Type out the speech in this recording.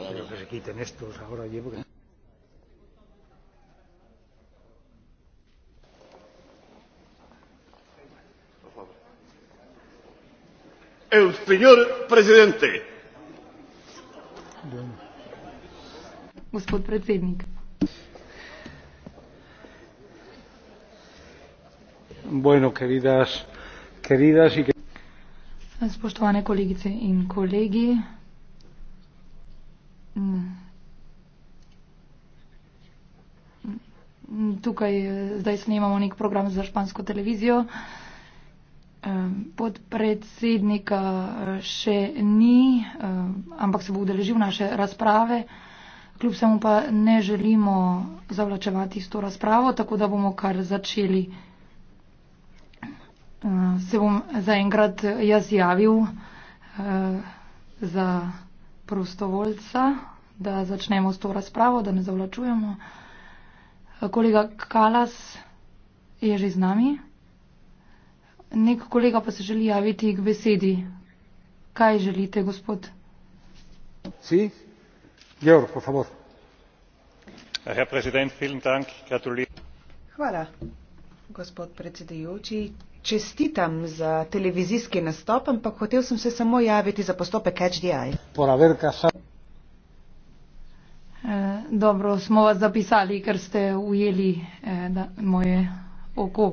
Espero que se quiten estos ahora allí porque... El señor presidente. Gospod predsednik. Bueno, queridas, queridas y que... Spoštovane kolegice in kolegi. Tukaj eh, zdaj snimamo nek program za špansko televizijo. Eh, podpredsednika eh, še ni, ampak se bo udeležil naše razprave. Kljub vsemu pa ne želimo zavlačevati s to razpravo, tako da bomo kar začeli. Se bom zaenkrat jaz javil za prostovoljca, da začnemo s to razpravo, da ne zavlačujemo. Kolega Kalas je že z nami. Nek kolega pa se želi javiti k besedi. Kaj želite, gospod? Si? Georg, po favor. Herr Präsident, vielen Dank. Gratulujem. Hvala, gospod predsedujoči čestitam za televizijski nastop, ampak hotel sem se samo javiti za postopek HDI. Eh, dobro, smo vas zapisali, ker ste ujeli eh, da, moje oko.